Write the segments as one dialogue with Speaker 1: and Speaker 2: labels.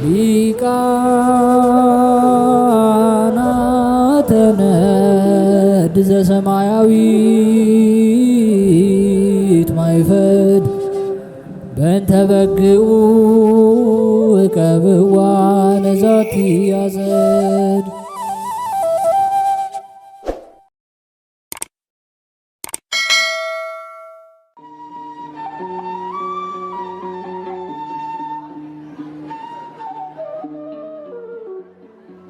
Speaker 1: ሊቃናተ ነድ ዘሰማያዊት ማይፈድ በእንተ በግዑ እቀብዋ ነዛቲ ያዘ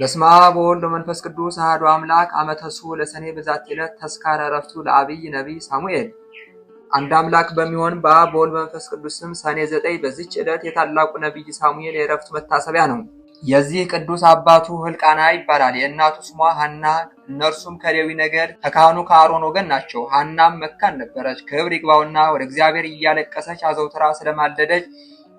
Speaker 1: ለስማ በወልድ መንፈስ ቅዱስ አሐዱ አምላክ አመተሱ ለሰኔ በዛቲ ዕለት ተስካረ ዕረፍቱ ለአብይ ነቢይ ሳሙኤል። አንድ አምላክ በሚሆን በአብ በወልድ መንፈስ ቅዱስም ሰኔ ዘጠኝ በዚች ዕለት የታላቁ ነቢይ ሳሙኤል የዕረፍቱ መታሰቢያ ነው። የዚህ ቅዱስ አባቱ ህልቃና ይባላል። የእናቱ ስሟ ሀና እነርሱም ከሌዊ ነገድ ከካህኑ ከአሮን ወገን ናቸው። ሀናም መካን ነበረች። ክብር ይግባውና ወደ እግዚአብሔር እያለቀሰች አዘውትራ ስለማለደች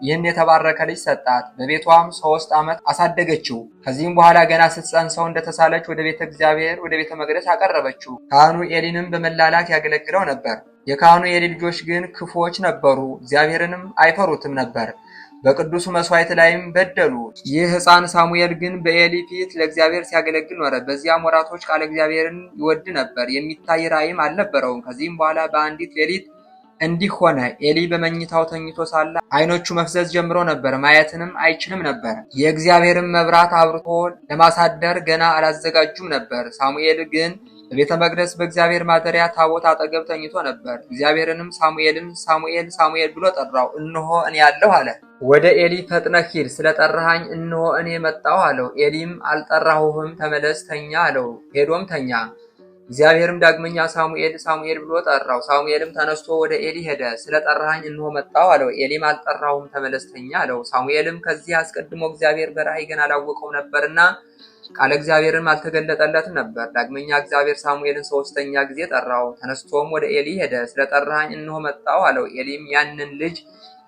Speaker 1: ይህን የተባረከ ልጅ ሰጣት። በቤቷም ሶስት ዓመት አሳደገችው። ከዚህም በኋላ ገና ስትጸንሰው እንደተሳለች ወደ ቤተ እግዚአብሔር ወደ ቤተ መቅደስ አቀረበችው። ካህኑ ኤሊንም በመላላክ ያገለግለው ነበር። የካህኑ ኤሊ ልጆች ግን ክፎች ነበሩ፣ እግዚአብሔርንም አይፈሩትም ነበር። በቅዱሱ መስዋዕት ላይም በደሉ። ይህ ሕፃን ሳሙኤል ግን በኤሊ ፊት ለእግዚአብሔር ሲያገለግል ኖረ። በዚያም ወራቶች ቃለ እግዚአብሔርን ይወድ ነበር፣ የሚታይ ራእይም አልነበረውም። ከዚህም በኋላ በአንዲት ሌሊት እንዲህ ሆነ። ኤሊ በመኝታው ተኝቶ ሳለ አይኖቹ መፍዘዝ ጀምሮ ነበር፣ ማየትንም አይችልም ነበር። የእግዚአብሔርን መብራት አብርቶ ለማሳደር ገና አላዘጋጁም ነበር። ሳሙኤል ግን በቤተ መቅደስ በእግዚአብሔር ማደሪያ ታቦት አጠገብ ተኝቶ ነበር። እግዚአብሔርንም ሳሙኤልን ሳሙኤል ሳሙኤል ብሎ ጠራው። እንሆ እኔ ያለሁ አለ። ወደ ኤሊ ፈጥነህ ሂድ፣ ስለጠራሃኝ እንሆ እኔ መጣሁ አለው። ኤሊም አልጠራሁህም፣ ተመለስ፣ ተኛ አለው። ሄዶም ተኛ። እግዚአብሔርም ዳግመኛ ሳሙኤል ሳሙኤል ብሎ ጠራው። ሳሙኤልም ተነስቶ ወደ ኤሊ ሄደ። ስለ ጠራኸኝ እንሆ መጣው አለው። ኤሊም አልጠራውም ተመለስተኛ አለው። ሳሙኤልም ከዚህ አስቀድሞ እግዚአብሔር በራእይ ገና አላወቀው ነበርና ቃለ እግዚአብሔርም አልተገለጠለትም ነበር። ዳግመኛ እግዚአብሔር ሳሙኤልን ሶስተኛ ጊዜ ጠራው። ተነስቶም ወደ ኤሊ ሄደ። ስለ ጠራኸኝ እንሆ መጣው አለው። ኤሊም ያንን ልጅ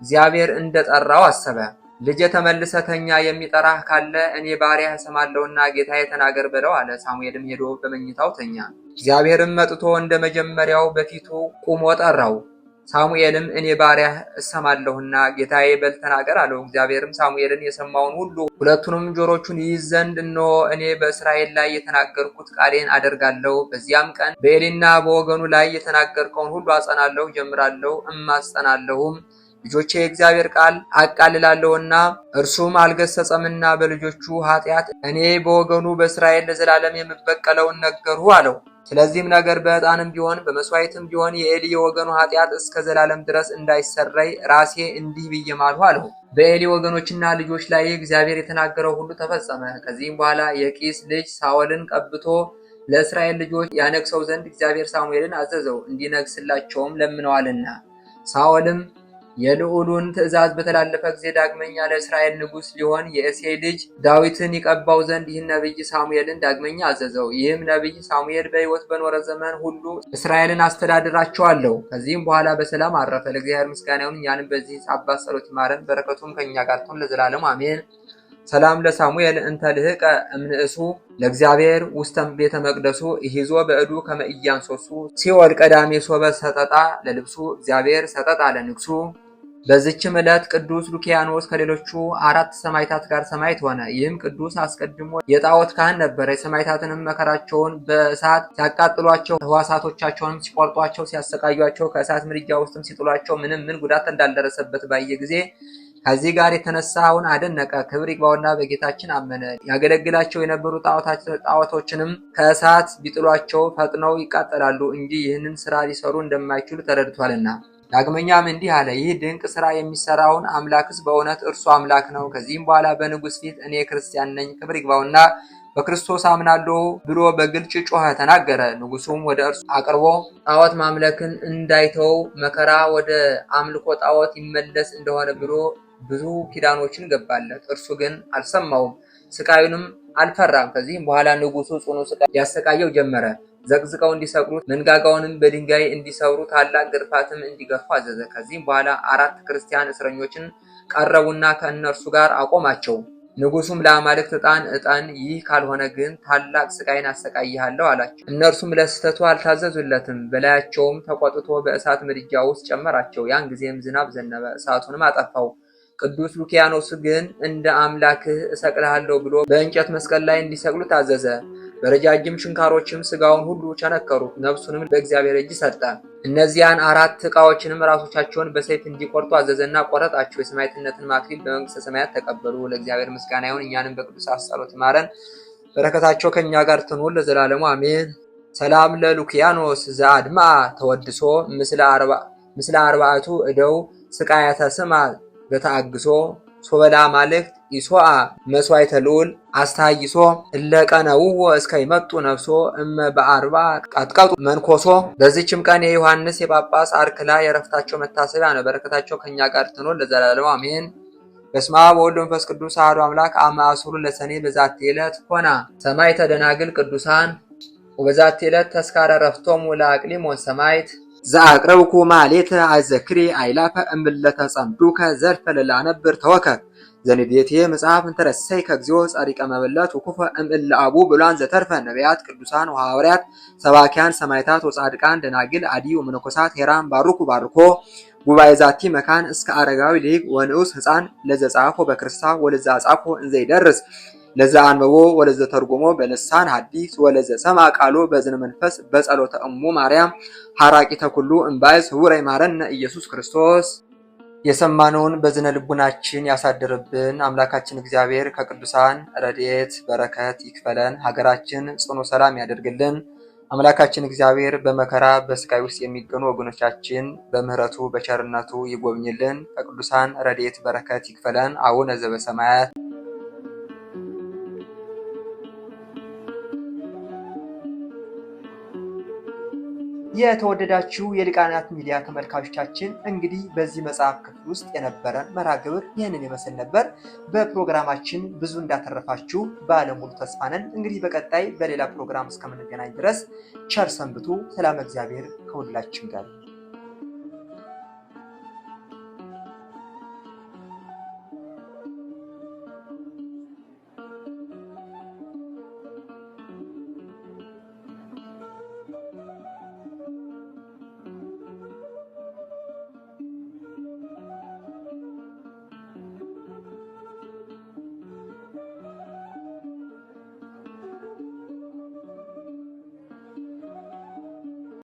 Speaker 1: እግዚአብሔር እንደጠራው አሰበ። ልጄ ተመልሰ ተኛ የሚጠራህ ካለ እኔ ባሪያህ እሰማለሁና ጌታዬ ተናገር ብለው አለ። ሳሙኤልም ሄዶ በመኝታው ተኛ። እግዚአብሔርም መጥቶ እንደ መጀመሪያው በፊቱ ቁሞ ጠራው። ሳሙኤልም እኔ ባሪያህ እሰማለሁና ጌታዬ በል ተናገር አለው። እግዚአብሔርም ሳሙኤልን የሰማውን ሁሉ ሁለቱንም ጆሮቹን ይይዝ ዘንድ እነሆ እኔ በእስራኤል ላይ የተናገርኩት ቃሌን አደርጋለሁ፣ በዚያም ቀን በኤሊና በወገኑ ላይ የተናገርከውን ሁሉ አጸናለሁ፣ ጀምራለሁ፣ እማጸናለሁም ልጆቼ የእግዚአብሔር ቃል አቃልላለሁና እርሱም አልገሰጸምና በልጆቹ ኃጢአት እኔ በወገኑ በእስራኤል ለዘላለም የምበቀለውን ነገርሁ አለው። ስለዚህም ነገር በዕጣንም ቢሆን በመስዋዕትም ቢሆን የኤሊ የወገኑ ኃጢአት እስከ ዘላለም ድረስ እንዳይሰረይ ራሴ እንዲህ ብዬ ማልሁ በኤሊ ወገኖችና ልጆች ላይ እግዚአብሔር የተናገረው ሁሉ ተፈጸመ። ከዚህም በኋላ የቂስ ልጅ ሳወልን ቀብቶ ለእስራኤል ልጆች ያነግሰው ዘንድ እግዚአብሔር ሳሙኤልን አዘዘው፣ እንዲነግስላቸውም ለምነዋልና ሳወልም የልዑሉን ትእዛዝ በተላለፈ ጊዜ ዳግመኛ ለእስራኤል ንጉሥ ሊሆን የእሴይ ልጅ ዳዊትን ይቀባው ዘንድ ይህን ነቢይ ሳሙኤልን ዳግመኛ አዘዘው። ይህም ነቢይ ሳሙኤል በሕይወት በኖረ ዘመን ሁሉ እስራኤልን አስተዳድራቸዋለሁ። ከዚህም በኋላ በሰላም አረፈ። ለእግዚአብሔር ምስጋና ይሁን። እኛንም በዚህ አባት ጸሎት ይማረን፣ በረከቱም ከእኛ ጋር ትሁን አሜን። ሰላም ለሳሙኤል እንተ ልህቀ እምንእሱ ለእግዚአብሔር ውስተ ቤተ መቅደሱ ይዞ በእዱ ከመ ሲወል ቀዳሚ ቀዳሜ ሶበ ሰጠጣ ለልብሱ እግዚአብሔር ሰጠጣ ለንግሱ። በዚችም ዕለት ቅዱስ ሉኪያኖስ ከሌሎቹ አራት ሰማይታት ጋር ሰማይት ሆነ። ይህም ቅዱስ አስቀድሞ የጣዖት ካህን ነበረ። የሰማይታትንም መከራቸውን በእሳት ሲያቃጥሏቸው፣ ሕዋሳቶቻቸውንም ሲቆርጧቸው፣ ሲያሰቃዩቸው፣ ከእሳት ምድጃ ውስጥም ሲጥሏቸው ምንም ምን ጉዳት እንዳልደረሰበት ባየ ጊዜ ከዚህ ጋር የተነሳውን አደነቀ። ክብር ይግባውና በጌታችን አመነ። ያገለግላቸው የነበሩ ጣዖቶችንም ከእሳት ቢጥሏቸው ፈጥነው ይቃጠላሉ እንጂ ይህንን ስራ ሊሰሩ እንደማይችሉ ተረድቷልና። ዳግመኛም እንዲህ አለ፣ ይህ ድንቅ ስራ የሚሰራውን አምላክስ በእውነት እርሱ አምላክ ነው። ከዚህም በኋላ በንጉሥ ፊት እኔ ክርስቲያን ነኝ፣ ክብር ይግባውና በክርስቶስ አምናለሁ ብሎ በግልጭ ጮኸ፣ ተናገረ። ንጉሱም ወደ እርሱ አቅርቦ ጣዖት ማምለክን እንዳይተው መከራ ወደ አምልኮ ጣዖት ይመለስ እንደሆነ ብሎ ብዙ ኪዳኖችን ገባለት። እርሱ ግን አልሰማውም፣ ስቃዩንም አልፈራም። ከዚህም በኋላ ንጉሱ ጽኑ ስቃይ ያሰቃየው ጀመረ። ዘቅዝቀው እንዲሰቅሉት፣ መንጋጋውንም በድንጋይ እንዲሰብሩ፣ ታላቅ ግርፋትም እንዲገፉ አዘዘ። ከዚህም በኋላ አራት ክርስቲያን እስረኞችን ቀረቡና ከእነርሱ ጋር አቆማቸው። ንጉሱም ለአማልክት ዕጣን ዕጣን ይህ ካልሆነ ግን ታላቅ ስቃይን አሰቃይሃለሁ አላቸው። እነርሱም ለስተቱ አልታዘዙለትም። በላያቸውም ተቆጥቶ በእሳት ምድጃ ውስጥ ጨመራቸው። ያን ጊዜም ዝናብ ዘነበ፣ እሳቱንም አጠፋው። ቅዱስ ሉኪያኖስ ግን እንደ አምላክህ እሰቅልሃለሁ ብሎ በእንጨት መስቀል ላይ እንዲሰቅሉ ታዘዘ። በረጃጅም ሽንካሮችም ስጋውን ሁሉ ቸነከሩት፣ ነፍሱንም በእግዚአብሔር እጅ ሰጠ። እነዚያን አራት እቃዎችንም ራሶቻቸውን በሰይፍ እንዲቆርጡ አዘዘና ቆረጣቸው። የሰማዕትነትን ማክሊል በመንግስተ ሰማያት ተቀበሉ። ለእግዚአብሔር ምስጋና ይሁን፣ እኛንም በቅዱሳን ጸሎት ይማረን፣ በረከታቸው ከእኛ ጋር ትኑር ለዘላለሙ አሜን። ሰላም ለሉኪያኖስ ዘአድማ ተወድሶ ምስለ አርባዕቱ እደው ስቃያተ ስማ በተአግሶ ሶበላ ማልክት ይሶአ መስዋዕተ ልዑል አስተሃይሶ እለቀነውዎ እስከ ይመጡ ነፍሶ እመ በአርባ ቀጥቀጡ መንኮሶ። በዚህችም ቀን የዮሐንስ የጳጳስ አርክላ የረፍታቸው መታሰቢያ ነው። በረከታቸው ከእኛ ጋር ትኖር ለዘላለሙ አሜን። በስመ አብ ወወልድ ወመንፈስ ቅዱስ አሐዱ አምላክ አመ ዐሥሩ ለሰኔ በዛቲ ዕለት ኮና ሰማዕተ ደናግል ቅዱሳን ወበዛቲ ዕለት ተስካረ ዕረፍቶሙ ለአቅሊሞን ሰማዕት ዘአቅረብኩ ማሌተ አዘክሬ አይላፈ እምለተ ጸምዱከ ዘርፈ ልላነብር ተወከብ ዘንዴቴ መጽሐፍ እንተረሰይ ከእግዚኦ ጻድቀ መበለት ወኩፈ እምእለ አቡ ብሏን ዘተርፈ ነቢያት ቅዱሳን ወሐዋርያት ሰባኪያን ሰማይታት ወጻድቃን ደናግል አዲ መነኮሳት ሄራን ባርኩ ባርኮ ጉባኤ ዛቲ መካን እስከ አረጋዊ ልሂቅ ወንዑስ ህፃን ለዘጻፎ በክርስታ ወለዛ ጻፎ እንዘይደርስ ለዛ አንበቦ ወለዘ ተርጎሞ በልሳን ሐዲስ ወለዘ ሰማ ቃሉ በዝነ መንፈስ በጸሎተ እሙ ማርያም ሐራቂ ተኩሉ እምባይስ ህውራይ ማረነ ኢየሱስ ክርስቶስ። የሰማነውን በዝነ ልቡናችን ያሳድርብን። አምላካችን እግዚአብሔር ከቅዱሳን ረድኤት በረከት ይክፈለን። ሀገራችን ጽኑ ሰላም ያደርግልን። አምላካችን እግዚአብሔር በመከራ በስቃይ ውስጥ የሚገኙ ወገኖቻችን በምህረቱ በቸርነቱ ይጎብኝልን። ከቅዱሳን ረድኤት በረከት ይክፈለን። አቡነ ዘበሰማያት የተወደዳችሁ የልቃናት ሚዲያ ተመልካቾቻችን እንግዲህ በዚህ መጽሐፍ ክፍል ውስጥ የነበረን መርሃ ግብር ይህንን ይመስል ነበር። በፕሮግራማችን ብዙ እንዳተረፋችሁ ባለሙሉ ተስፋ ነን። እንግዲህ በቀጣይ በሌላ ፕሮግራም እስከምንገናኝ ድረስ ቸር ሰንብቱ። ሰላም፣ እግዚአብሔር ከሁላችን ጋር